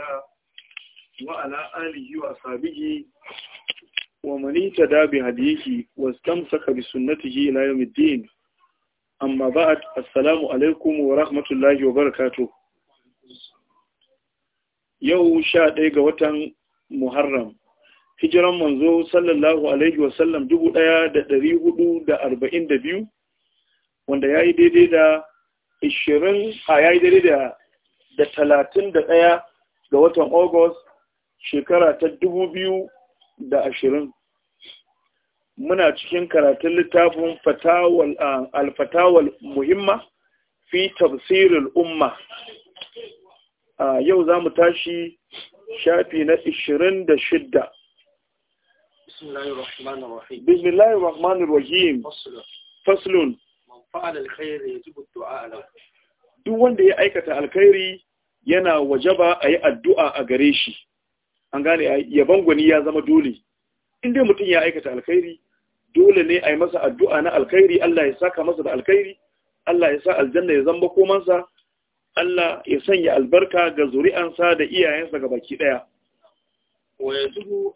da wa'ala alihi wa sabihi wa manita da bi hadiki wa stamsaka bi sunnatihi ila yawmid din amma ba'd assalamu alaikum wa rahmatullahi wa barakatuh yau sha 11 ga watan muharram hijran manzo sallallahu alaihi wa sallam 1442 wanda yayi daidai da 20 a yayi daidai da 31 ga watan Ogos shekara ta dubu biyu da ashirin. Muna cikin karatun littafin alfatawal muhimma fi tafsirin umma. A yau za mu tashi shafi na ishirin da shidda. Bismillahir Rahmanir Rahim. Faslun. Man fa'ala alkhairi yajibu du'a lahu. Duk wanda ya aikata alkhairi yana wajaba a yi addu'a a gare shi an gane yaban gwani ya zama dole inda mutum ya aikata alkhairi dole ne a yi masa addu'a na alkhairi Allah ya saka masa da alkhairi Allah ya sa aljanna ya zamba komansa Allah ya sanya albarka ga zuri'ansa da iyayensa ga baki ɗaya wa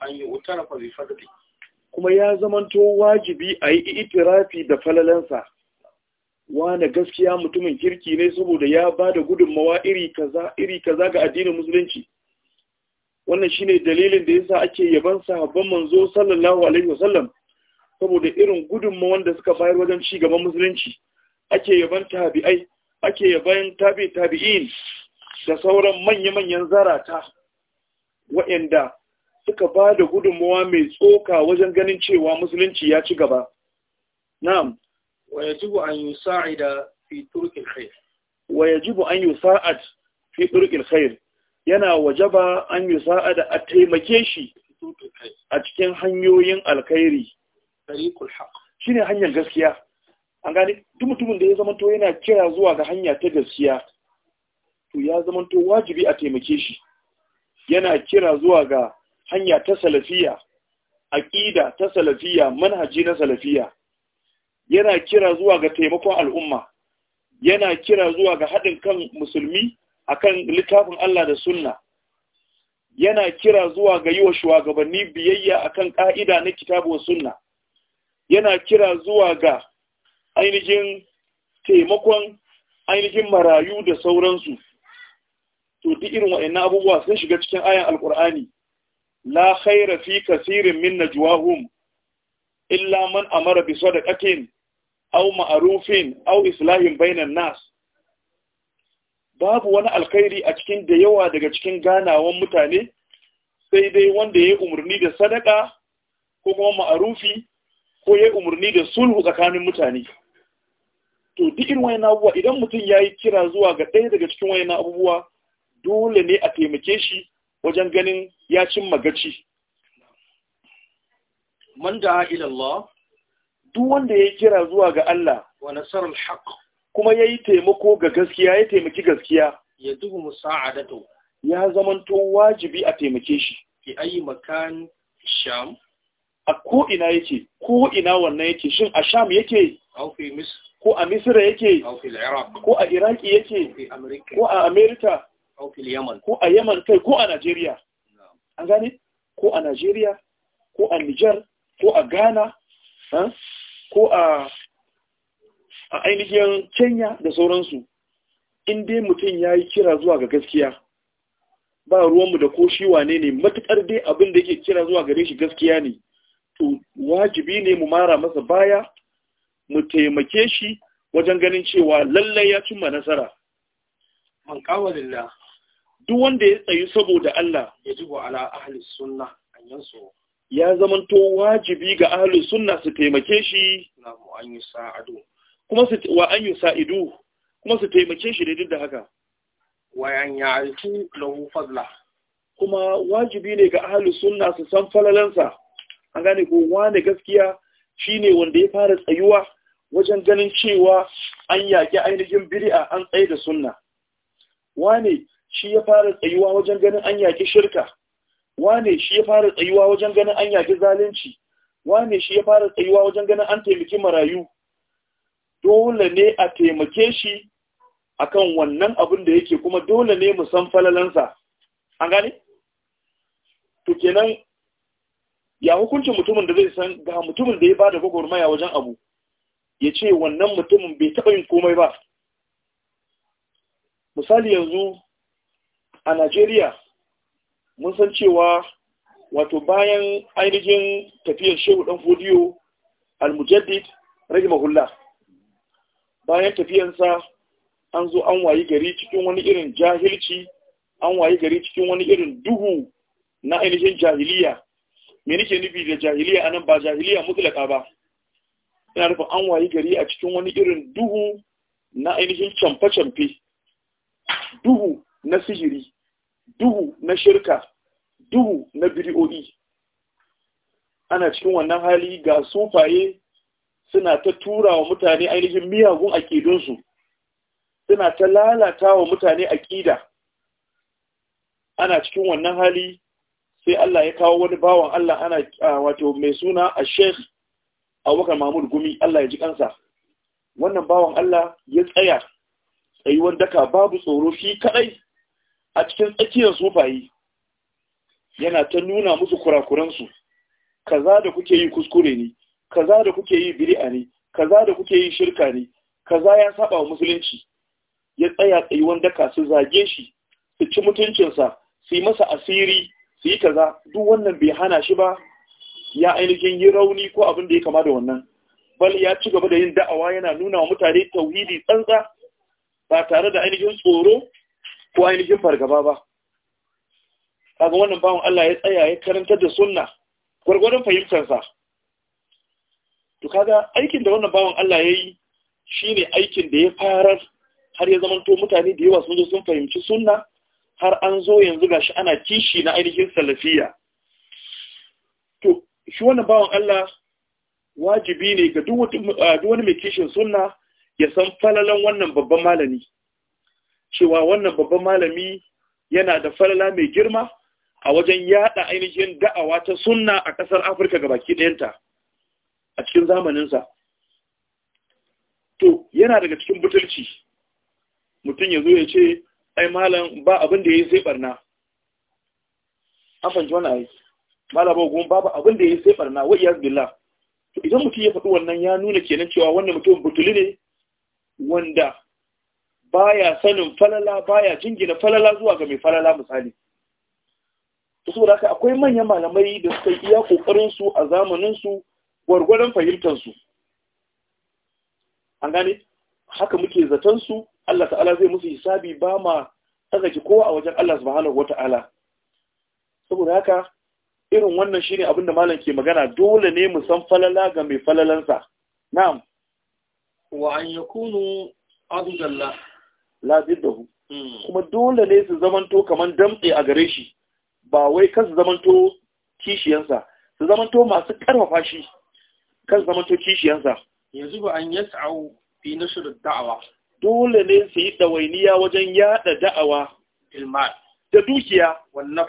an yi kuma ya zamanto wajibi a yi itirafi da falalansa wane gaskiya mutumin kirki ne saboda ya ba da gudunmawa iri kaza iri kaza ga addinin musulunci wannan shine dalilin da yasa ake yaban sahabban manzo sallallahu alaihi wasallam saboda irin gudunmawan da suka bayar wajen ci gaban musulunci ake yaban tabi'ai ake yaban tabi tabi'in da sauran manya-manyan zarata waɗanda suka ba da gudunmawa mai tsoka wajen ganin cewa musulunci ya ci gaba na'am ويجب أن يساعد في طرق الخير ويجب yana wajaba an yi sa'ada a taimake shi a cikin hanyoyin alkhairi shi ne hanyar gaskiya an gane duk mutumin da ya zamanto yana kira zuwa ga hanya ta gaskiya to ya zamanto wajibi a taimake shi yana kira zuwa ga hanya ta salafiya aƙida ta salafiya manhaji na salafiya yana kira zuwa ga taimakon al'umma yana kira zuwa ga haɗin kan musulmi akan littafin Allah da sunna yana kira zuwa ga yiwa shugabanni biyayya akan ƙa'ida na kitabu sunna yana kira zuwa ga ainihin taimakon ainihin marayu da sauransu to duk irin waɗannan abubuwa sun shiga cikin ayan alkur'ani la khaira fi kasirin min najwahum illa man amara bi sadaqatin au ma'arufin au islahin bainan nas babu wani alkhairi a cikin da yawa daga cikin ganawan mutane sai dai wanda ya yi umarni da sadaka ko kuma ma'arufi ko ya yi umarni da sulhu tsakanin mutane to duk irin wayan abubuwa idan mutum ya yi kira zuwa ga ɗaya daga cikin wayan abubuwa dole ne a taimake shi wajen ganin ya cimma gaci man da ilallah duk wanda ya kira zuwa ga Allah wa nasarul haqq kuma yayi taimako ga gaskiya ya taimaki gaskiya ya dubu musa'adatu ya zamanto wajibi a taimake shi fi ayi makan sham a ko ina yake ko ina wannan yake shin a sham yake au fi misr ko a misra yake au fi iraq ko a iraki yake ko a america au fi yaman ko a yaman kai ko a najeriya an gane ko a nigeria ko a niger ko a ghana ko a ainihin kenya da sauransu in dai mutum ya yi kira zuwa ga gaskiya ba ruwanmu da ko shi wane ne matuƙar dai abin da yake kira zuwa gare shi gaskiya ne to wajibi ne mu mara masa baya mu taimake shi wajen ganin cewa lallai ya cimma nasara man duk wanda ya tsayi saboda Allah ya yajibu ala ahli sunna an yansu ya to wajibi ga ahlus sunna su taimake shi an yi sa'adu kuma su wa an yi sa'idu kuma su taimake shi da dinda da haka wa an ya'rifu lahu fadla kuma wajibi ne ga ahlus sunna su san falalansa an gane ko wani gaskiya shine wanda ya fara tsayuwa wajen ganin cewa an yaƙi ainihin bid'a an tsaye da sunna Wani shi ya fara tsayuwa wajen ganin an yaƙi shirka wane shi ya fara tsayuwa wajen ganin an yaki zalunci wane shi ya fara tsayuwa wajen ganin an taimaki marayu dole ne a taimake shi akan wannan abin da yake kuma dole ne mu san falalansa an gane to kenan ya hukuncin mutumin da zai san ga mutumin da ya ba da gwagwarmaya wajen abu ya ce wannan mutumin bai taɓa yin komai ba misali yanzu a Najeriya mun san cewa wato bayan ainihin tafiyar shehu dan fodiyo al-mujaddid rahimahullah bayan tafiyansa an zo an wayi gari cikin wani irin jahilci an wayi gari cikin wani irin duhu na ainihin jahiliya me nake nufi da jahiliya anan ba jahiliya mutlaka ba ina nufin an wayi gari a cikin wani irin duhu na ainihin camfe-camfe duhu na sihiri duhu na shirka duhu na biri'o'i ana cikin wannan hali ga sufaye suna ta tura wa mutane ainihin miyagun aƙidunsu suna ta lalata wa mutane aƙida ana cikin wannan hali sai Allah ya kawo wani bawan Allah ana wato mai suna a shek a wakar mahmud gumi Allah ya ji kansa wannan bawan Allah ya tsaya tsayuwar daka babu tsoro shi kadai a cikin tsakiyar sufayi yana ta nuna musu kurakuransu kaza da kuke yi kuskure ne kaza da kuke yi bir'a ne kaza da kuke yi shirka ne kaza ya saba wa musulunci ya tsaya tsayuwan daka su zage shi su ci mutuncinsa su yi masa asiri su yi kaza duk wannan bai hana shi ba ya ainihin yi rauni ko abin da ya kama da wannan bal ya ci gaba da yin da'awa yana nuna wa mutane tauhidi tsantsa ba tare da ainihin tsoro ko ainihin fargaba ba kaga wannan bawan Allah ya tsaya ya karanta da sunna gwargwadon fahimtarsa to kaga aikin da wannan bawan Allah ya yi shine aikin da ya farar har ya zamanto mutane da yawa sun zo sun fahimci sunna har an zo yanzu gashi ana kishi na ainihin salafiya to shi wannan bawan Allah wajibi ne ga duk wani mai kishin sunna ya san falalan wannan babban malami cewa wannan babban malami yana da falala mai girma a wajen yada ainihin da'awa ta sunna a ƙasar afirka ga baki ɗayanta a cikin zamaninsa to yana daga cikin butulci mutum ya zo ya ce ai malam ba abin da ya yi sai barna an jona wani ayi malam ba babu abin da ya yi sai barna wa iyaz billah to idan mutum ya faɗi wannan ya nuna kenan cewa wannan mutum butuli ne wanda baya sanin falala baya jingina falala zuwa ga mai falala misali saboda haka akwai manyan malamai da suka yi iya kokarin su a zamanin su gwargwadon fahimtar su an gane haka muke zaton su Allah ta'ala zai musu hisabi ba ma ki kowa a wajen Allah subhanahu wata'ala saboda haka irin wannan shine abinda malam ke magana dole ne mu san falala ga mai falalansa na'am wa an yakunu abudallah labid da hmm. kuma dole ne su zamanto kamar damtse a gare shi ba wai kan su zamanto kishiyansa su zamanto masu karfafa shi kan su zamanto kishiyansa yanzu ba an yas'au fi nashr da'awa dole ne su yi dawainiya wajen yada da'awa da dukiya wannan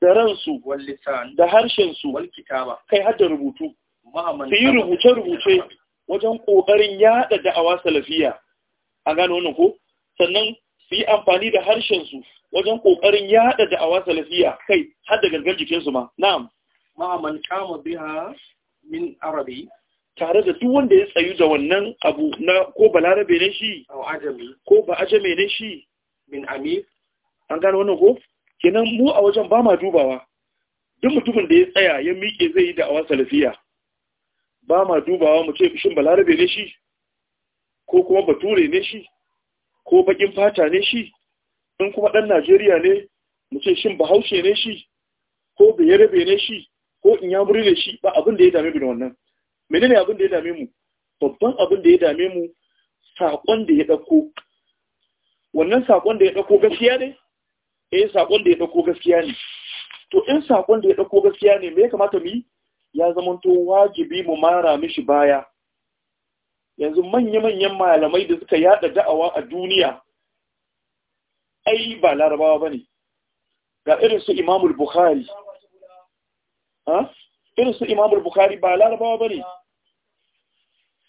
da ransu da harshensu kai har da rubutu su yi rubuce-rubuce wajen ƙoƙarin yada da'awa salafiya a gano wannan ko sannan su yi amfani da harshen su wajen yaɗa yada awa salafiya kai har da gangan jikinsu ma na'am ma kama biha min arabi tare da duk wanda ya tsayu da wannan abu na ko balarabe ne shi ko ba ajame ne shi min amir an gano wannan ko kenan mu a wajen ba ma dubawa duk mutumin da ya tsaya ya miƙe zai yi awa salafiya ba ma dubawa mu ce shin balarabe ne shi ko kuma bature ne shi ko bakin fata ne shi in kuma ɗan najeriya ne mu ce shin bahaushe ne shi ko bayarabe ne shi ko in ya ne shi ba abin da ya dame mu da wannan menene abin da ya dame mu babban abin da ya dame mu saƙon da ya ɗauko wannan saƙon da ya ɗauko gaskiya ne eh saƙon da ya ɗauko gaskiya ne to in saƙon da ya ɗauko gaskiya ne me ya kamata mu yi ya zamanto wajibi mu mara mishi baya yanzu manya-manyan malamai da suka yada da'awa a duniya ai ba larabawa ba ne ga irinsu imamul bukhari irinsu imamul bukhari ba larabawa ba ne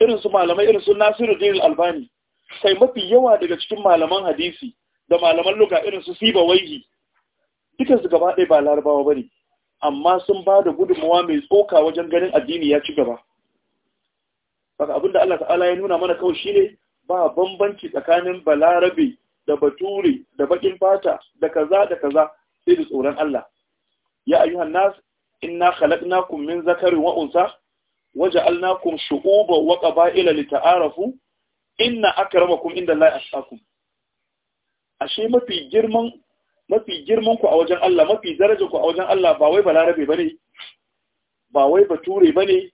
irinsu malamai irinsu nasiru dinil albani sai mafi yawa daga cikin malaman hadisi da malaman luga irinsu siba waihi dukansu gaba ɗaya ba larabawa ba ne amma sun ba da gudunmawa mai tsoka wajen ganin addini ya ci gaba abin abinda Allah ta'ala ya nuna mana kawai shi ne, ba bambanci tsakanin balarabe da bature da bakin fata da kaza da kaza sai da tsoron Allah ya ayyuhan nas inna khalaqnakum min zakarin wa unsa waja'alnakum shu'uban wa qaba'ila lita'arafu inna akramakum inda Allah ashqakum ashe mafi girman mafi girman ku a wajen Allah mafi darajar ku a wajen Allah ba wai balarabe bane ba wai bature bane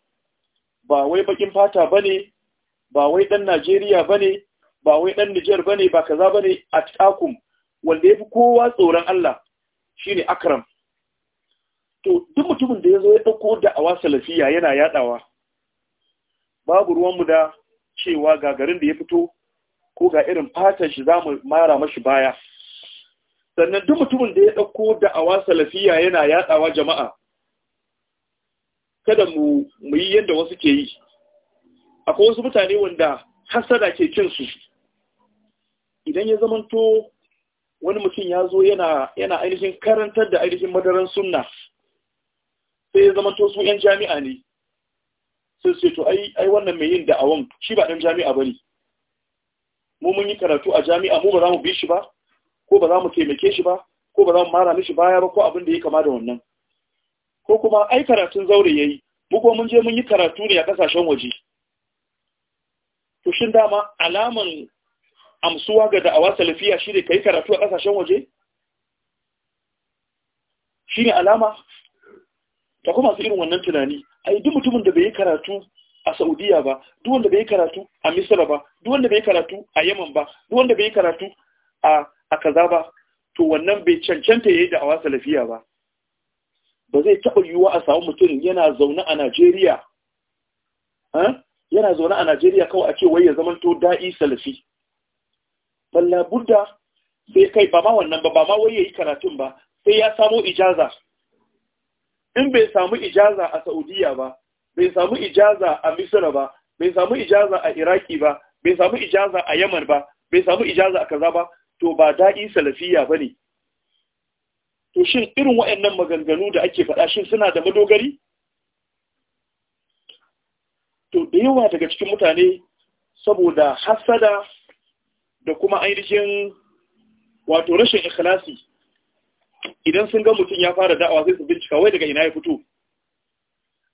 ba wai bakin fata ba ne, ba wai dan Najeriya bane ba wai dan ba bane ba kaza bane atqakum wanda ya fi kowa tsoron Allah shine akram to duk mutumin da ya zo ya dauko da'awa salafiya yana yaɗawa, babu ruwanmu da cewa ga garin da ya fito ko ga irin fatan shi za mu mara mashi baya sannan duk mutumin da ya dauko da'awa salafiya yana yaɗawa jama'a kada mu mu yi yadda wasu ke yi akwai wasu mutane wanda hasada ke kin su idan ya zamanto wani mutum ya zo yana yana ainihin karantar da ainihin madaran sunna sai ya zamanto su yan jami'a ne sai su to ai wannan mai yin da da'awan shi ba dan jami'a bane mu mun yi karatu a jami'a mu ba za mu bi shi ba ko ba za mu taimake shi ba ko ba za mu mara mishi baya ba ko abin da ya kama da wannan ko kuma ai karatun zaure ya yi, ko mun je mun yi karatu ne a kasashen waje Tushin dama alaman amsuwa ga da'awa salafiya shi ne ka yi karatu a kasashen waje shi ne alama ta kuma su irin wannan tunani ai duk mutumin da bai yi karatu a saudiya ba duk wanda bai yi karatu a Misira ba duk wanda bai yi karatu a yaman ba duk wanda bai yi karatu a kaza ba to wannan bai cancanta ya yi da'awa salafiya ba ba zai taɓa yiwuwa a samu mutum yana zaune a Najeriya yana zaune a Najeriya kawai a ce wai ya to da'i salafi balla budda sai kai ba ma wannan ba ba ma wai ya yi karatun ba sai ya samu ijaza in bai samu ijaza a Saudiya ba bai samu ijaza a Misira ba bai samu ijaza a Iraki ba bai samu ijaza a Yaman ba bai samu ijaza a kaza ba to ba da'i salafiya ba ne. to shin irin wa'annan maganganu da ake faɗa shin suna da madogari to da yawa daga cikin mutane saboda hasada da kuma ainihin wato rashin ikhlasi idan sun ga mutum ya fara da'awa sai su bincika wai daga ina ya fito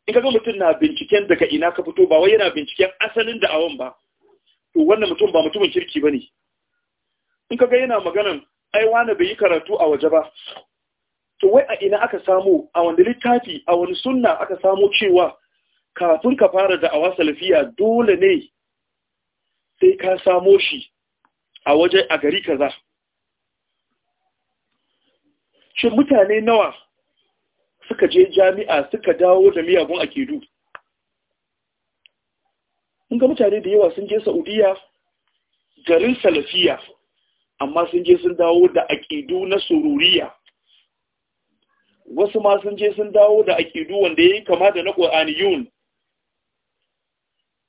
in ga mutum na binciken daga ina ka fito ba wai yana binciken asalin da'awan ba to wannan mutum ba mutumin kirki bane in ka ga yana maganan ai wani bai yi karatu a waje ba to wai a ina aka samu a wani littafi a wani sunna aka samu cewa kafin ka fara da'awa salafiya dole ne sai ka samo shi a waje a gari kaza shin mutane nawa suka je jami'a suka dawo da miyagun akidu in ga mutane da yawa sun je saudiya garin salafiya amma sun je sun dawo da akidu na sururiya wasu ma sun je sun dawo da aƙidu wanda ya yi kama da na ƙwa'aniyun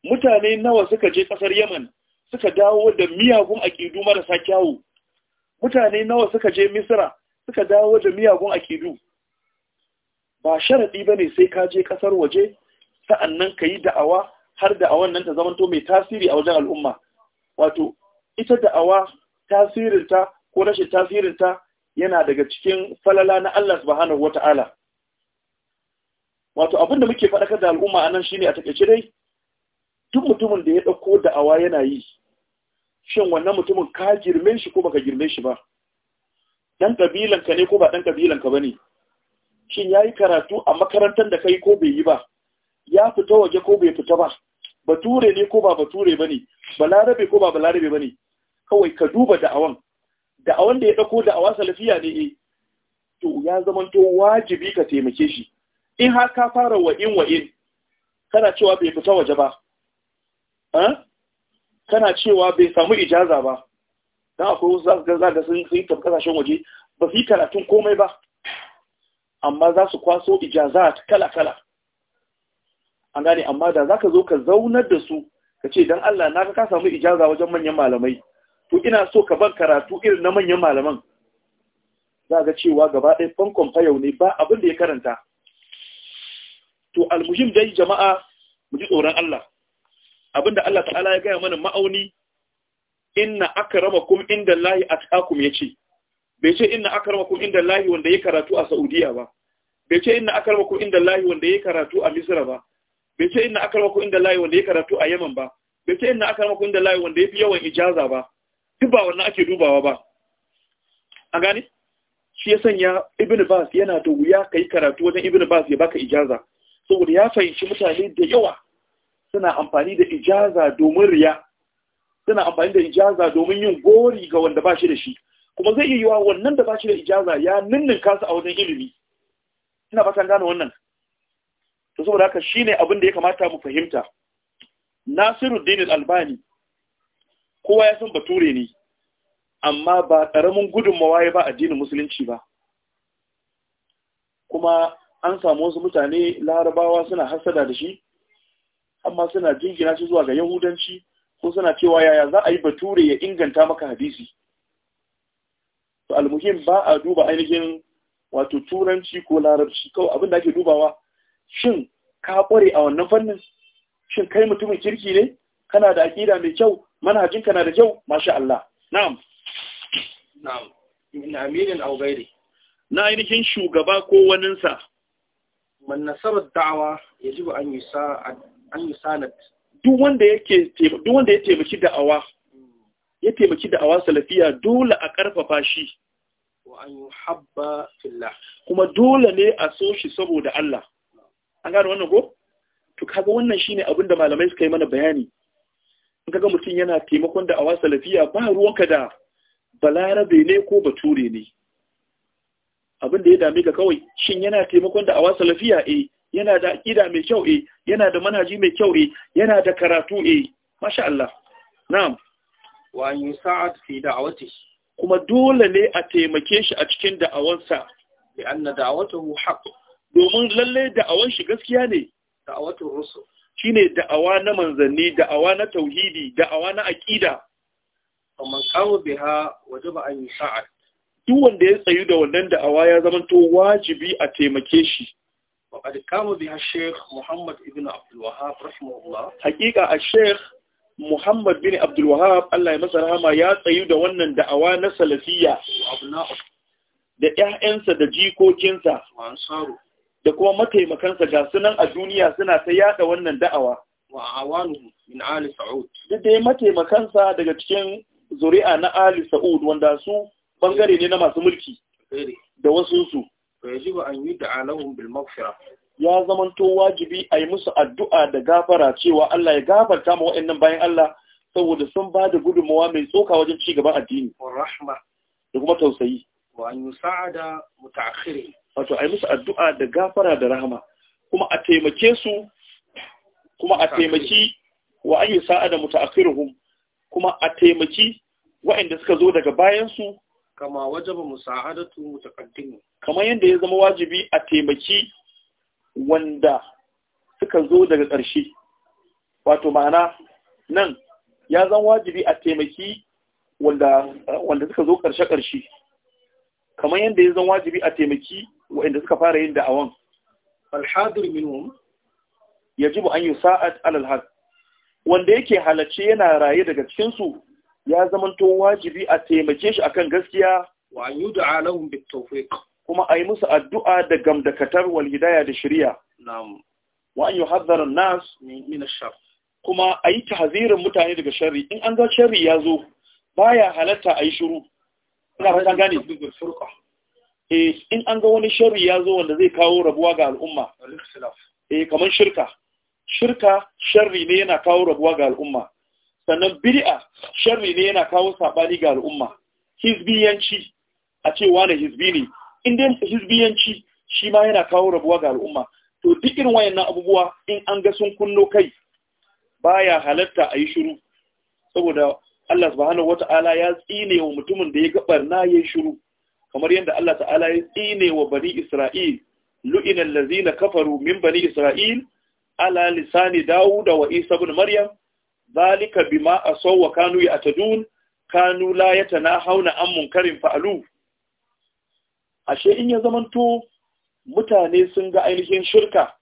mutane nawa suka je ƙasar yaman suka dawo da miyagun akidu marasa kyawu mutane nawa suka je misira suka dawo da miyagun aƙidu ba sharaɗi ba ne sai ka je ƙasar waje sa'annan ka yi da'awa har da'awan nan ta zamanto mai tasiri a wajen al'umma wato ita da'awa tasirinta ko rashin tasirinta yana daga cikin falala na Allah subhanahu wata'ala wato abinda muke faɗakar da al'umma anan shine a takeice dai duk mutumin da ya dauko da'awa yana yi shin wannan mutumin ka girme shi ko baka girme shi ba dan kabilanka ka ne ko ba dan kabilan ka bane shin yayi karatu a makarantar da kai ko bai yi ba ya fita waje ko bai fita ba bature ne ko ba bature bane balarabe ko ba balarabe bane kawai ka duba da'awan da a wanda ya ɗauko da awa salafiya ne eh. to ya zamanto wajibi ka taimake shi in har ka fara wa'in wa'in kana cewa bai fita waje ba eh? kana cewa bai samu ijaza ba don akwai wasu za su ga sun yi tafi kasashen waje ba su yi karatun komai ba amma za su kwaso ijaza kala-kala an gane amma da za ka zo ka zaunar da su ka ce don Allah na ka samu ijaza wajen manyan malamai to ina so ka ban karatu irin na manyan malaman za ga cewa gaba ɗaya fankon fayau ne ba abin da ya karanta to almuhim dai jama'a mu ji tsoron Allah abinda Allah ta'ala ya gaya mana ma'auni inna akramakum inda Allahi atqakum yace bai ce inna akramakum inda lahi wanda ya karatu a Saudiya ba bai ce inna akramakum inda lahi wanda ya karatu a Misra ba bai ce inna akramakum inda lahi wanda ya karatu a Yemen ba bai ce inna akramakum inda lahi wanda ya fi yawan ijaza ba duk ba wannan ake dubawa ba an gane shi ya sanya ibn bas yana da wuya yi karatu wajen ibn bas ya baka ijaza saboda ya fahimci mutane da yawa suna amfani da ijaza domin riya suna amfani da ijaza domin yin gori ga wanda ba shi da shi kuma zai iya yiwa wannan da ba shi da ijaza ya ninnin kasu a wajen ilimi ina fatan gane wannan to saboda haka shine abin da ya kamata mu fahimta Nasiruddin Albani kowa ya san bature ne amma ba ƙaramin gudunmawa ya ba addinin musulunci ba kuma an samu wasu mutane larabawa suna hasada da shi amma suna jingina shi zuwa ga yahudanci ko suna cewa yaya za a yi bature ya inganta maka hadisi to almuhim ba a duba ainihin wato turanci ko larabci kawai abin da ake dubawa shin ka kware a wannan fannin shin kai mutumin kirki ne kana da aƙida mai kyau manhajinka na da kyau masha Allah na'am na'am min amirin aw ghairi na ainihin shugaba ko waninsa man nasara da'awa yajibu an yusa an yusanat duk wanda yake duk wanda ya taimaki da'awa ya taimaki da'awa salafiya dole a karfafa shi wa an yuhabba fillah kuma dole ne a so shi saboda Allah an gano wannan ko to kaga wannan shine abinda malamai suka yi mana bayani in kaga mutum yana taimakon da awa salafiya ba ruwanka da balarabe ne ko bature ne abin da ya dame ka kawai shin yana taimakon da awa salafiya eh yana da aqida mai kyau eh yana da manhaji mai kyau eh yana da karatu eh masha Allah na'am wa yusa'ad fi da'awati kuma dole ne a taimake shi a cikin da'awansa anna da'awatuhu haqq domin lalle da'awan shi gaskiya ne da'awatu rusul shine da'awa na manzanni da'awa na tauhidi da'awa na aqida amman qawa biha wajaba an sa'a. duk wanda ya tsayu da wannan da'awa ya zama to wajibi a taimake shi wa qad qawa biha sheikh muhammad ibn abdul wahhab rahimahullah haqiqa a sheikh muhammad bin abdul wahhab Allah ya masa rahama ya tsayu da wannan da'awa na salafiyya da ƴaƴansa da jikokinsa da kuma mataimakansa ga sunan a duniya suna ta yada wannan da'awa wa min ali sa'ud duk mataimakansa daga cikin zuri'a na ali sa'ud wanda su bangare ne na masu mulki da wasu su ba an yi da ya zamanto wajibi a yi musu addu'a da gafara cewa Allah ya gafarta ma wa'annan bayan Allah saboda sun ba da gudunmawa mai tsoka wajen ci gaban addini da kuma tausayi wa an yi sa'ada wato a yi musu addu'a da gafara da rahama kuma a taimake su kuma a taimaki wa ayi sa'a da muta'akhiruhum kuma a taimaki wa'inda suka zo daga bayan su kama wajaba musa'adatu mutaqaddimin kamar yadda ya zama wajibi a taimaki wanda suka zo daga ƙarshe wato ma'ana nan ya zama wajibi a taimaki wanda suka zo ƙarshe-ƙarshe kamar yadda ya zama wajibi a taimaki wa'inda suka fara yin da'awan alhadir minhum yajibu an yusa'ad alal haq wanda yake halacce yana raye daga cikin su ya zamanto wajibi a taimake shi akan gaskiya wa an yud'a lahum bitawfiq kuma ayi musu addu'a da gamdakatar wal hidaya da shari'a na'am wa an yuhadhdhara an-nas min ash-shar kuma ayi tahzirin mutane daga sharri in an ga sharri ya zo baya halatta ayi shiru ina fatan gane eh in an ga wani sharri ya zo wanda zai kawo rabuwa ga al'umma eh kamar shirka shirka sharri ne yana kawo rabuwa ga al'umma sannan bid'a sharri ne yana kawo sabani ga al'umma hizbiyanci a ce wani hizbi ne in dai hizbiyanci shi ma yana kawo rabuwa ga al'umma to duk irin wayannan abubuwa in an ga sun kunno kai baya halatta a yi shiru saboda Allah subhanahu wata'ala ya tsine wa mutumin da ya ga barna ya shiru kamar yadda Allah ta'ala ya tsine wa bani Isra'il lu'inan lazina kafaru min bani Isra'il ala lisani dawuda wa Isa bin Maryam zalika bima a wa kanu ya ya'tadun kanu la na an karin fa'alu ashe in ya zamanto mutane sun ga ainihin shirka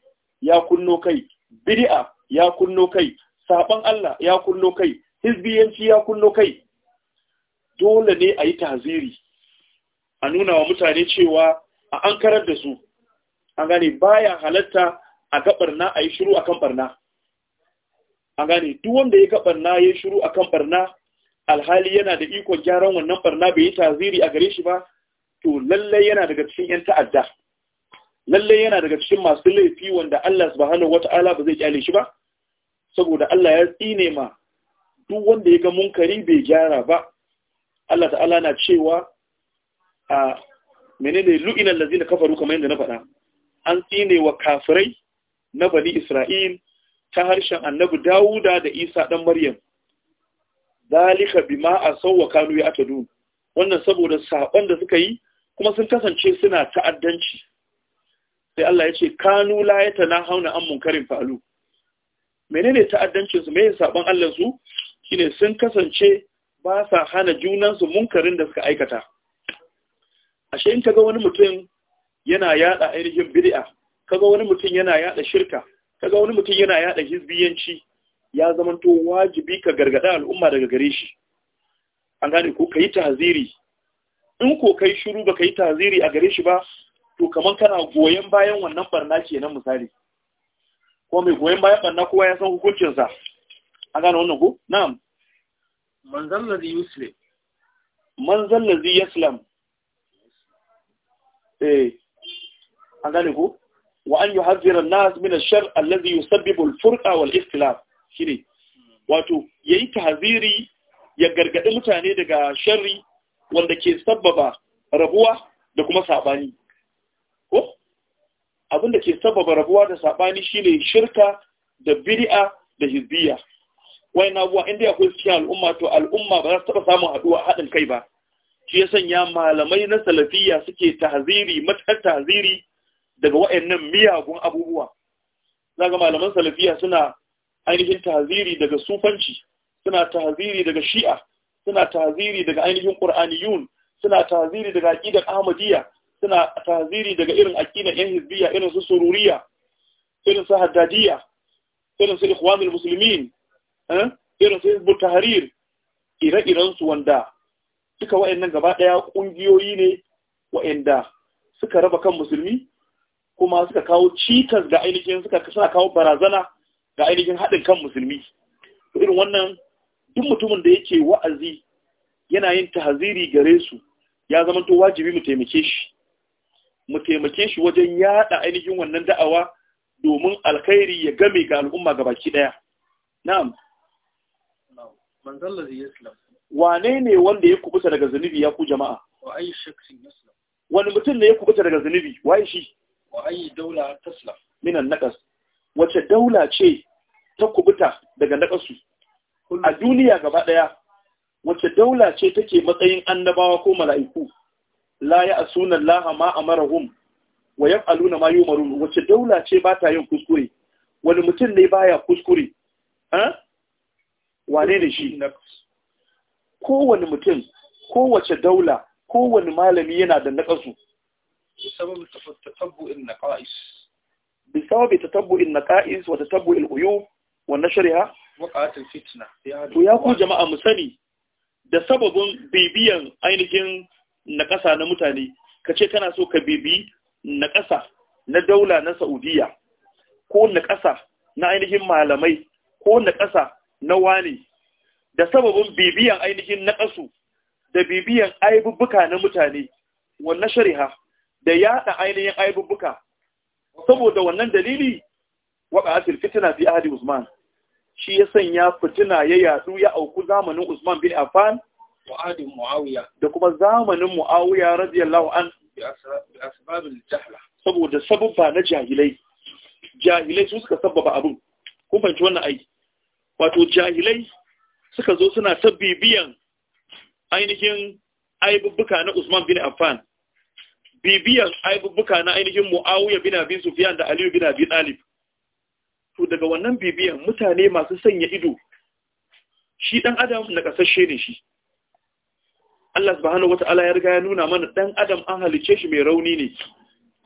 ya kunno kai Bidi'a? ya kunno kai saɓon Allah ya kunno kai hizbiyanci ya kunno kai dole ne a yi taziri. a nuna wa mutane cewa a an karar da su an gane baya halatta a ga na a yi shiru kan barna an gane duk wanda ya ga barna ya yi shiru kan barna alhali yana da ikon gyaran wannan barna bai yi taziri a gare shi ba to lallai yana daga cikin yan ta'adda lallai yana daga cikin masu laifi wanda Allah subhanahu wata'ala ba zai kyale shi ba saboda Allah ya tsine ma duk wanda ya ga munkari bai gyara ba Allah ta'ala na cewa a menene lu'inan lazina kafaru kamar yadda na faɗa an tsine wa kafirai na bani isra'il ta harshen annabi dawuda da isa ɗan maryam zalika bima a sauwa kanu ya dun wannan saboda saɓon da suka yi kuma sun kasance suna ta'addanci sai Allah ya ce kanu la ya tana hauna an karin fa'alu menene ta'addancin su meye saɓon Allah su shine sun kasance ba sa hana junansu munkarin da suka aikata ashe in kaga wani mutum yana yada ainihin bid'a kaga wani mutum yana yada shirka kaga wani mutum yana yada hizbiyanci ya zama to wajibi ka gargada al'umma daga gare shi an gane ko kai taziri in ko kai shiru baka yi taziri a gare shi ba to kaman kana goyen bayan wannan barna nan misali ko mai goyen bayan barna kowa ya san hukuncinsa an gane wannan ko na'am man zallazi yuslim man zallazi yaslam eh an gane ko wa an yuhadhdhira an-nas min ash-shar alladhi yusabbibu al-furqa wal-ikhtilaf shine wato yayi tahziri ya gargadi mutane daga sharri wanda ke sabbaba rabuwa da kuma sabani ko da ke sabbaba rabuwa da sabani shine shirka da bid'a da hizbiya wayan abuwa inda akwai cikin al'umma to al'umma ba za su taba samun haduwa haɗin kai ba shi ya sanya malamai na salafiya suke tahziri matakar tahziri daga wa'annan miyagun abubuwa zaga malaman salafiya suna ainihin tahziri daga sufanci suna tahziri daga shi'a suna tahziri daga ainihin qur'aniyun suna tahziri daga aqidar ahmadiyya suna tahziri daga irin aqidar yan hizbiya irin su sururiya irin su haddadiyya irin su ikhwanul muslimin eh, irin su hizbut tahrir ire-iren su wanda duka wa'annan gaba ɗaya ƙungiyoyi ne wa'anda suka raba kan musulmi kuma suka kawo cikas ga ainihin suka suna kawo barazana ga ainihin haɗin kan musulmi irin wannan duk mutumin da yake wa'azi yana yin tahaziri gare su ya zama to wajibi mu taimake shi mu taimake shi wajen yaɗa ainihin wannan da'awa domin alkhairi ya game ga al'umma gabaki daya na'am man zallazi wane ne wanda ya kubuta daga zunubi ya ku jama'a wani mutum ne ya kubuta daga zunubi waye shi minan nakas wace daula ce ta kubuta daga nakasu? a duniya gaba ɗaya wace daula ce take matsayin annabawa ko mala'iku la ya asuna laha ma amarahum wa yaf'aluna ma yumarun wace daula ce ba ta yin kuskure wani mutum ne baya kuskure eh wane ne shi kowane mutum kowace daula kowane malami yana da naƙasu بسبب تتبع النقائص بسبب تتبع النقائص وتتبع العيوب ونشرها وقعت الفتنة Ya ku jama'a mu sani da sababin bibiyan ainihin naƙasa na mutane kace kana so ka bibi naƙasa na daula na Saudiyya, ko naƙasa na ainihin malamai ko naƙasa na wani da sababin bibiyan ainihin ƙasu da bibiyan aibubbuka na mutane wannan shari'a da yaɗa ainihin aibubbuka saboda wannan dalili waka asir fitina fi ahadi Usman shi ya sanya fitina ya yadu ya auku zamanin Usman bin Affan mu'adin Muawiya da kuma zamanin Muawiya radiyallahu an bi asbabil jahla saboda sababba na jahilai jahilai su suka sababa abun kun fahimci wannan aiki, wato jahilai suka zo suna ta bibiyan ainihin aibubbuka na Usman bin Affan bibiyan aibubbuka na ainihin Muawiya bin Abi Sufyan da Aliyu bin Abi Talib to daga wannan bibiyan mutane masu sanya ido shi dan adam na kasashe ne shi Allah subhanahu wata'ala ya riga ya nuna mana dan adam an halice shi mai rauni ne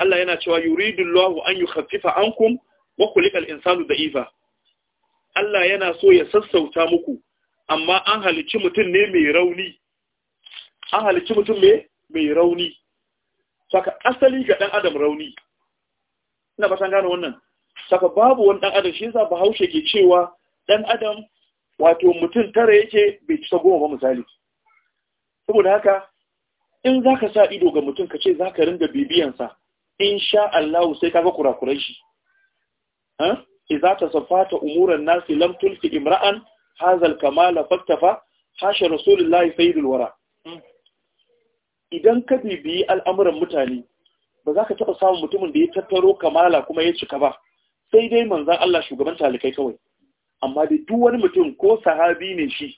Allah yana cewa yuridullahu an yukhaffifa ankum wa khuliqal insanu da'ifa Allah yana so ya sassauta muku amma an halicci mutum ne mai rauni an halicci mutum ne mai rauni saka asali ga ɗan adam rauni ina ba san gane wannan saka babu wani ɗan adam shi yasa bahaushe ke cewa ɗan adam wato mutum tara yake bai cika goma ba misali saboda haka in zaka sa ido ga mutum ka ce za ka ringa bibiyansa in sha Allah sai kaga kurakurai shi eh? iza ta safata umuran nasi lam tulfi imra'an hazal kamala fattafa, hasha rasulullahi sayyidul wara idan ka bibiyi al'amuran mutane ba za ka taɓa samun mutumin da ya tattaro kamala kuma ya cika ba sai dai manzan Allah shugaban talikai kawai amma dai duk wani mutum ko sahabi ne shi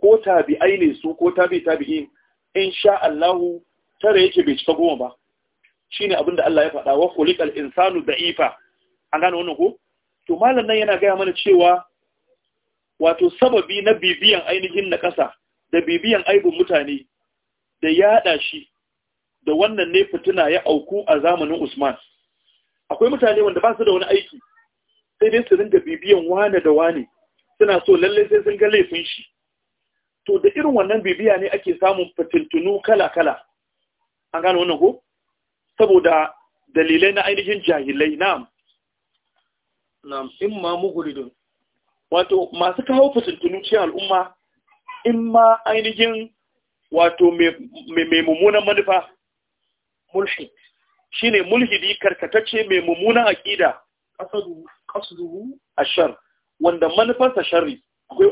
ko tabi'ai ne su ko tabi tabi'in in sha Allahu tare yake bai cika goma ba shine abin da Allah ya faɗa wa khuliqal insanu da'ifa an gane wannan ko to malam nan yana gaya mana cewa wato sababi na bibiyan ainihin na ƙasa da bibiyan aibin mutane da yaɗa shi da wannan ne fituna ya auku a zamanin Usman akwai mutane wanda ba su da wani aiki sai dai su ringa bibiyan wane da wane suna so lalle sai sun ga laifin shi to da irin wannan bibiya ne ake samun fitintunu kala-kala an gane wannan ko saboda dalilai na ainihin jahilai na'am na'am imma mughridun wato masu kawo fitintunu cikin al'umma in ma ainihin wato mai mummunan manufa mulhid shine mulhidi karkatacce mai mummunan aƙida qasduhu ashar wanda manufarsa sharri akwai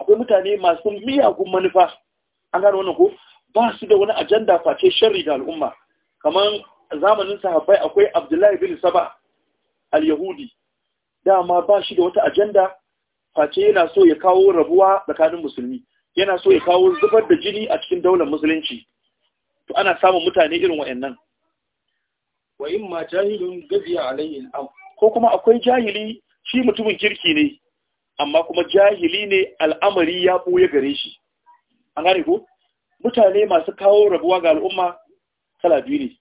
akwai mutane masu miyagun manufa an gano wannan ko ba su da wani ajanda face sharri ga al'umma kamar zamanin sahabbai akwai Abdullahi bin Saba al-Yahudi dama ba shi da wata ajanda face yana so ya kawo rabuwa tsakanin musulmi yana so ya kawo zubar da jini a cikin daular musulunci to ana samun mutane irin wayannan wa in ma jahilun gaziya alayhi al ko kuma akwai jahili shi mutumin kirki ne amma kuma jahili ne al'amari ya ɓoye gare shi an gane ko mutane masu kawo rabuwa ga al'umma kala biyu ne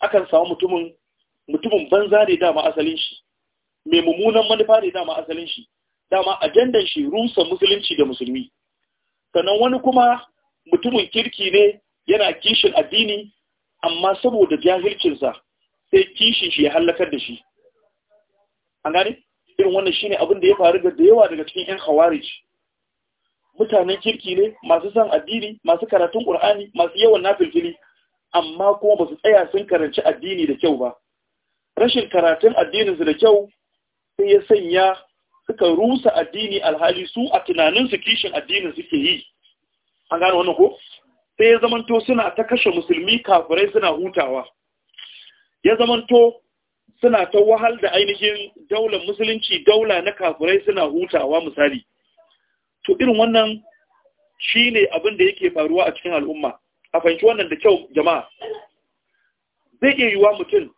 akan samu mutumin mutumin banza ne dama asalin shi mai mummunan manufa ne dama asalin shi dama ajandan shi rusa musulunci da musulmi sannan wani kuma mutumin kirki ne yana kishin addini amma saboda jahilcinsa sai kishin shi ya hallakar da shi an gane irin wannan shine abin da ya faru ga da yawa daga cikin yan khawarij mutanen kirki ne masu san addini masu karatun qur'ani masu yawan nafilfili amma kuma ba su tsaya sun karanci addini da kyau ba rashin karatun addininsu da kyau sai ya sanya suka rusa addini alhali su a tunaninsu kishin addinin suke yi an gane wannan ko sai ya zamanto suna ta kashe musulmi kafirai suna hutawa ya zamanto suna ta wahal da ainihin daular musulunci daula na kafirai suna hutawa misali to irin wannan shi ne abin da yake faruwa a cikin al'umma a fahimci wannan da kyau jama'a zai iya yiwuwa mutum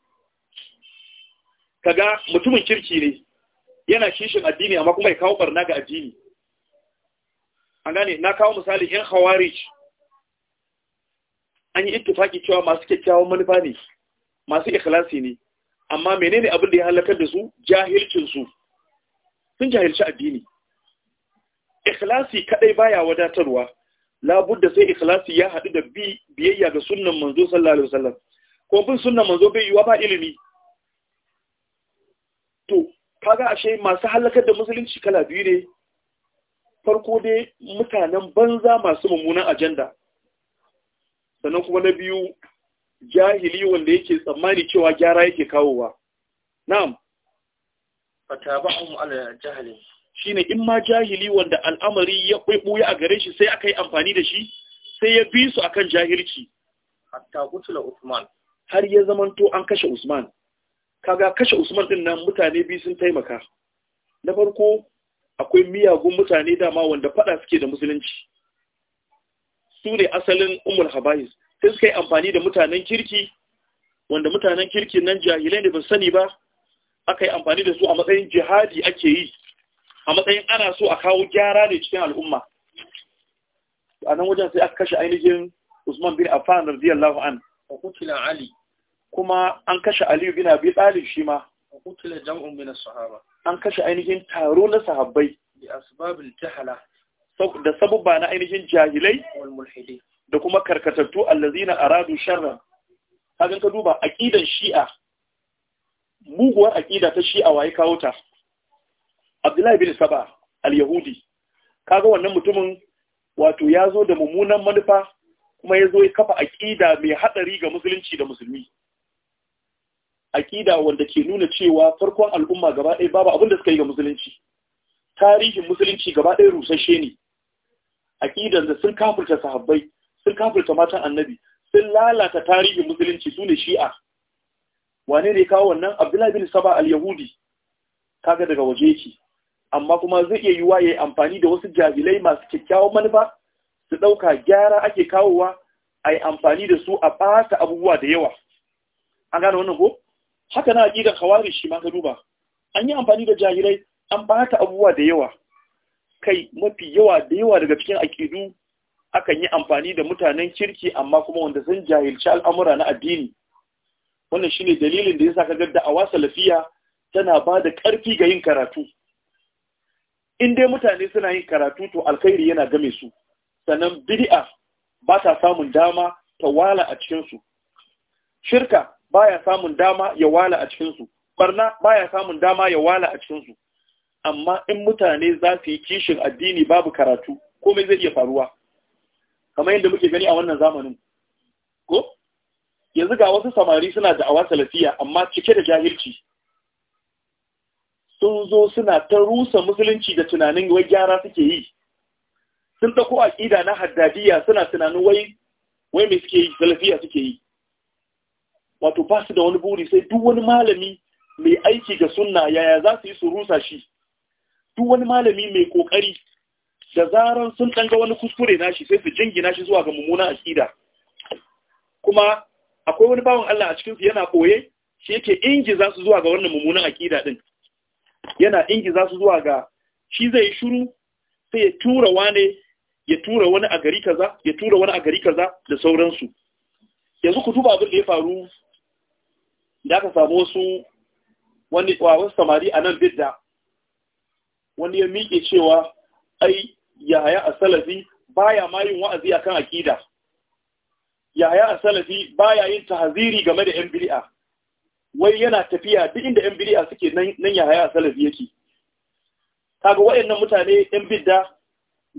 kaga mutumin kirki ne yana kishin addini amma kuma ya kawo barna ga addini an gane na kawo misali yan khawarij an yi ittifaki cewa masu kyakkyawan manufa ne masu ikhlasi ne amma menene abin da ya halakar da su jahilcin su sun jahilci addini ikhlasi kadai baya wadatarwa labudda sai ikhlasi ya hadu da bi biyayya ga sunnan manzo sallallahu alaihi wasallam ko bin sunnan manzo bai yiwa ba ilimi to kaga ashe masu halakar da musulunci kala biyu ne farko dai mutanen banza masu mummunan ajanda sannan kuma na biyu jahili wanda yake tsammani cewa gyara yake kawowa na'am fatabahum ala shine in ma jahili wanda al'amari ya kwaikwayo a gare shi sai aka yi amfani da shi sai ya bi su akan jahilci hatta kutula usman har ya zamanto an kashe usman kaga kashe usman din nan mutane biyu sun taimaka na farko akwai miyagun mutane dama wanda fada suke da musulunci su ne asalin umul habayis sai suka yi amfani da mutanen kirki wanda mutanen kirki nan jahilai ne ba sani ba aka yi amfani da su a matsayin jihadi ake yi a matsayin ana so a kawo gyara ne cikin al'umma a nan wajen sai aka kashe ainihin usman bin affan radiyallahu an wa ali kuma an kashe aliyu bin abi talib shi ma kutula jam'un min as-sahaba an kashe ainihin taro na sahabbai bi asbabil jahala da sababba na ainihin jahilai wal mulhidin da kuma karkatattu allazina aradu sharra kagan ka duba aqidan shi'a muguwar aqida ta shi'a waye kawo ta abdullahi bin saba al-yahudi kaga wannan mutumin wato yazo da mummunan manufa kuma yazo ya kafa aqida mai hadari ga musulunci da musulmi aƙida wanda ke nuna cewa farkon al'umma gaba ɗaya babu abin da suka yi ga musulunci tarihin musulunci gaba ɗaya rusashe ne aƙidan da sun kafirta sahabbai sun kafirta matan annabi sun lalata tarihin musulunci su shi'a wane ne kawo wannan abdullahi bin saba al-yahudi kaga daga waje yake amma kuma zai iya yiwa ya yi amfani da wasu jahilai masu kyakkyawan manufa su ɗauka gyara ake kawowa a yi amfani da su a ɓata abubuwa da yawa an gane wannan ko haka na aƙida kawari shi ma ka duba an yi amfani da jahilai an bata abubuwa da yawa kai mafi yawa da yawa daga cikin aƙidu akan yi amfani da mutanen kirki amma kuma wanda sun jahilci al'amura na addini wannan shi ne dalilin da ya yasa a da'awa salafiya tana ba da ƙarfi ga yin karatu in dai mutane suna yin karatu to alkhairi yana game su sannan bid'a ba ta samun dama ta wala a cikinsu. shirka baya samun dama ya wala a cikinsu barna baya samun dama ya wala a cikinsu amma in mutane za su yi kishin addini babu karatu komai zai iya faruwa kamar yadda muke gani a wannan zamanin ko yanzu ga wasu samari suna da awa salafiya amma cike da jahilci sun zo suna ta rusa musulunci da tunanin wai gyara suke yi sun ɗauko aƙida na haddadiya suna tunanin wai wai mai suke yi salafiya suke yi wato ba su da wani buri sai duk wani malami mai aiki ga sunna yaya za su yi su rusa shi duk wani malami mai kokari da zarar sun ɗanga wani kuskure nashi sai su jingina shi zuwa ga mummunan aƙida kuma akwai wani bawan Allah a cikinsu yana ɓoye shi yake za su zuwa ga wannan mummunan aƙida din? yana za su zuwa ga shi zai shuru sai ya tura wane ya tura wani a gari kaza ya tura wani a gari kaza da sauransu yanzu ku duba abin da ya faru da aka samu su wani wasu samari a nan bidda wani ya miƙe cewa ai yahaya a salafi baya ma yin wa'azi a kan akida yahaya a salafi baya yin tahaziri game da yan biri'a wai yana tafiya duk inda yan biri'a suke nan yahaya a salafi yake kaga waɗannan mutane yan bidda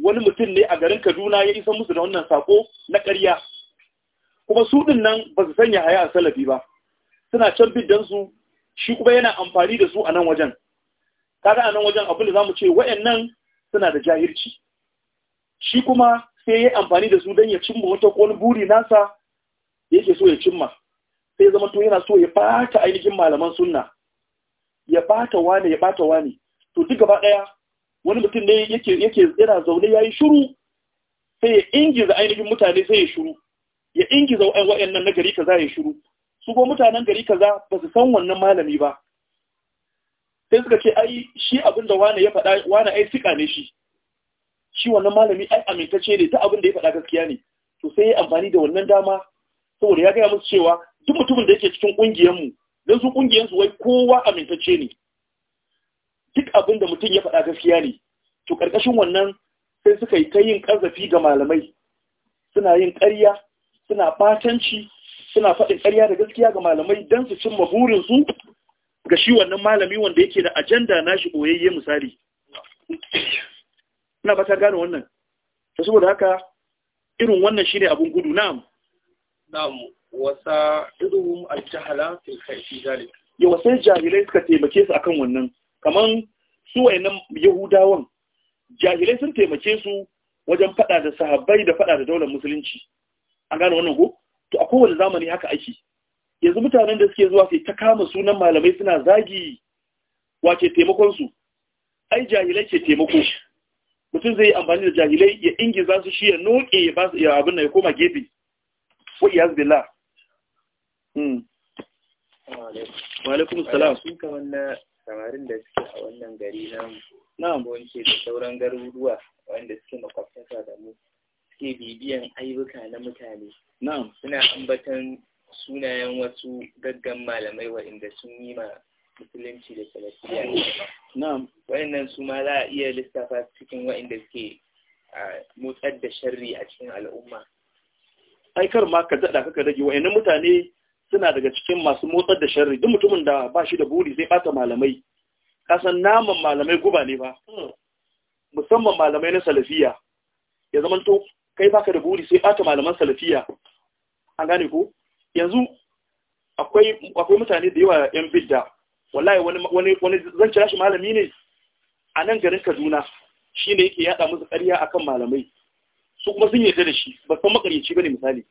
wani mutum ne a garin Kaduna ya isa musu da wannan sako na ƙarya kuma su din nan ba su sanya haya a salafi ba suna can biddan su shi kuma yana amfani da su a nan wajen kaga a nan wajen abin da zamu ce wayannan suna da jahilci shi kuma sai ya amfani da su don ya cimma wata wani buri nasa da yake so ya cimma sai zama to yana so ya bata ainihin malaman sunna ya bata wani ya bata wani to duk gaba daya wani mutum ne yake yake yana zaune yayi shiru sai ya ingiza ainihin mutane sai ya shiru ya ingiza wayannan nagari kaza ya shiru su ko mutanen gari kaza ba su san wannan malami ba sai suka ce ai shi abin da wani ya faɗa wani ai sika ne shi shi wannan malami ai amintacce ne ta abin da ya faɗa gaskiya ne to sai ya amfani da wannan dama saboda ya gaya musu cewa duk mutumin da yake cikin ƙungiyarmu don su su wai kowa amintacce ne duk abin da mutum ya faɗa gaskiya ne to karkashin wannan sai suka yi ta yin ƙazafi ga malamai suna yin ƙarya suna batanci. suna faɗin ƙarya da gaskiya ga malamai don su cimma burinsu ga shi wannan malami wanda yake da ajanda na shi ɓoyayye misali ina ba ta gane wannan ta saboda haka irin wannan shi ne abin gudu na'am na'am wasa irin aljahala fil kaifi zalik yawa sai jahilai suka taimake su akan wannan kaman su wayannan yahudawan jahilai sun taimake su wajen faɗa da sahabbai da faɗa da daular musulunci an gane wannan ko to a kowane zamani haka ake yanzu mutanen da suke zuwa sai ta kama sunan malamai suna zagi wace taimakon su ai jahilai ke taimako mutum zai yi amfani da jahilai ya za su shi ya noke ya basu su abin nan ya koma gefe wa iyaz billah hmm. wa alaikum salam sun ka wannan samarin da suke a wannan gari mu? na'am ko da sauran garuruwa wanda suke makwabtaka da mu suke bibiyan ayyuka na mutane na'am suna ambatan sunayen wasu gaggan malamai waɗanda sun yi ma musulunci da salafiya na'am waɗannan su ma za a iya lissafa cikin waɗanda suke motsar da sharri a cikin al'umma aikar ma ka daɗa kaka rage waɗannan mutane suna daga cikin masu motsar da sharri duk mutumin da ba shi da buri zai ɓata malamai kasan naman malamai guba ne ba hmm. musamman malamai na salafiya ya zama kai baka da buri sai bata malaman salafiya an gane ko yanzu akwai akwai mutane da yawa yan bidda wallahi wani wani wani zan kira shi malami ne a nan garin Kaduna shine yake yada musu ƙarya akan malamai su kuma sun yarda da shi ba san makaryaci bane misali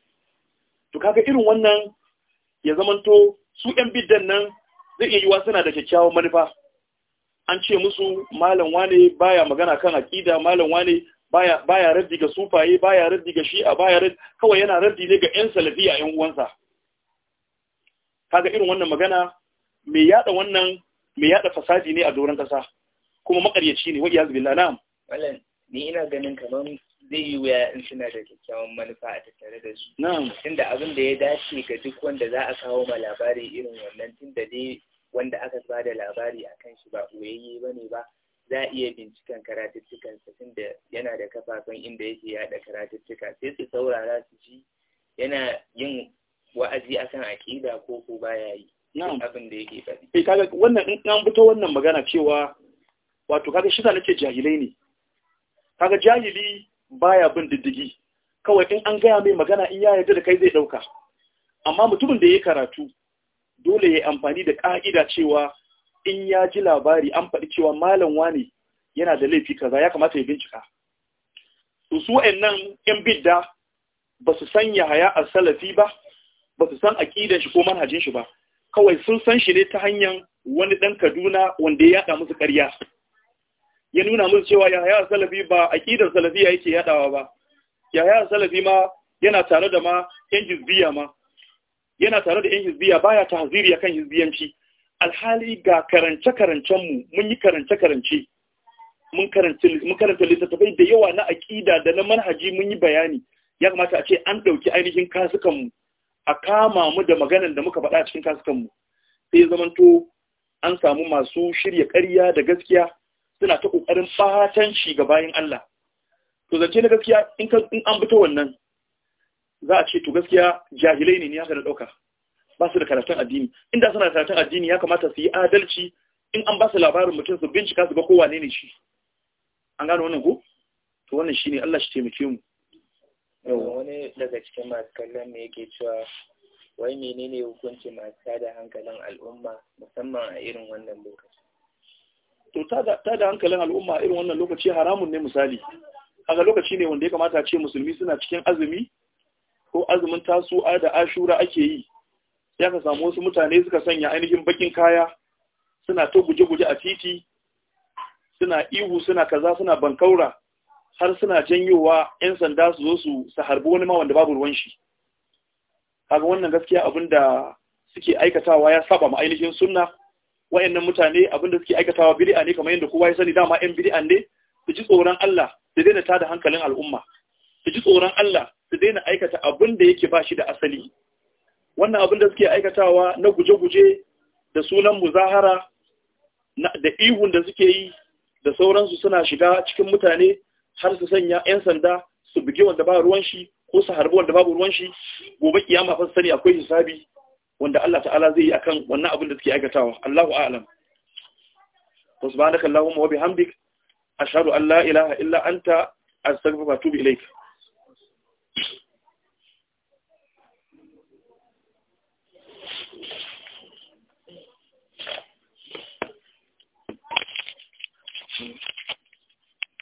to kaga irin wannan ya zamanto su yan biddan nan zai iya yiwa suna da kyakkyawan manufa an ce musu malam wane baya magana kan aqida malam wane baya raddi ga sufaye baya raddi ga shi'a baya raddi kawai yana raddi ne ga ƴan salafiya ƴan uwansa kaga irin wannan magana me yada wannan me yada fasadi ne a doron kasa kuma makaryaci ne wa iyaz billah na'am wallan ni ina ganin kaman zai yi wuya in suna da kyakkyawan manufa a tattare da su na'am tunda abin da ya dace ga duk wanda za a kawo ma labari irin wannan tunda dai wanda aka ba da labari akan shi ba boyayye bane ba za a iya binciken karatuttukan sa tunda yana da kafafen inda yake yada karatuttuka sai su saurara su ji yana yin wa'azi akan aƙida ko ko baya yi abin da yake faɗi eh, kaga wannan in an fito wannan magana cewa wato kaga shi nake jahilai ne kaga jahili baya bin diddigi kawai in an gaya mai magana in ya yarda da kai zai ɗauka amma mutumin da ya karatu dole ya amfani da ƙa'ida cewa in ya ji labari an faɗi cewa malam wani yana da laifi kaza ya kamata ya bincika to su nan yan bidda ba su san yahaya a salafi ba ba su san aƙidan shi ko manhajin shi ba kawai sun san shi ne ta hanyar wani ɗan kaduna wanda ya yaɗa musu ƙarya ya nuna musu cewa yahaya salafi ba aƙidan salafi ya yake yaɗawa ba yahaya salafi ma yana tare da ma yan hizbiya ma yana tare da yan hizbiya baya tahziri akan hizbiyanci alhali ga karance-karancenmu mun yi karance-karance mun karanta littattafai da yawa na aƙida da na manhaji mun yi bayani ya kamata a ce an ɗauki ainihin kasukanmu a kama mu da maganan da muka faɗa cikin kasukanmu sai ya zamanto an samu masu shirya ƙarya da gaskiya suna ta ƙoƙarin shi ga bayan Allah to zance na gaskiya in an bi wannan za a ce to gaskiya jahilai ne ni haka da ɗauka ba su da karatun addini inda suna da karatun addini ya kamata su yi adalci in an ba su labarin mutum su bincika su ga kowa ne shi an gano wannan ko to wannan shine Allah shi taimake mu wani daga cikin masu kallon ne yake cewa wai menene hukuncin masu tada hankalin al'umma musamman a irin wannan lokaci to tada hankalin al'umma a irin wannan lokaci haramun ne misali kaga lokaci ne wanda ya kamata ce musulmi suna cikin azumi ko azumin tasu'a da ashura ake yi Ya ka samu wasu mutane suka sanya ainihin bakin kaya suna ta guje-guje a titi suna ihu suna kaza suna bankaura har suna janyowa 'yan sanda su zo su su harbi wani ma wanda babu ruwan shi kaga wannan gaskiya abinda suke aikatawa ya saba ma ainihin sunna wayannan mutane da suke aikatawa bid'a ne kamar yadda kowa ya sani dama 'yan bid'a ne su ji tsoron Allah su daina tada hankalin al'umma su ji tsoron Allah su daina aikata abin da yake ba shi da asali wannan abin da suke aikatawa na guje-guje da sunan muzahara da ihun da suke yi da sauransu suna shiga cikin mutane har su sanya 'yan sanda su buge wanda ba ruwan shi ko su harbi wanda babu ruwan shi gobe kiyama fa sani akwai hisabi wanda Allah ta'ala zai yi akan wannan abin da suke aikatawa Allahu a'lam Allahumma wa bihamdik ashhadu an la ilaha illa anta astaghfiruka wa atubu ilaik Jesus.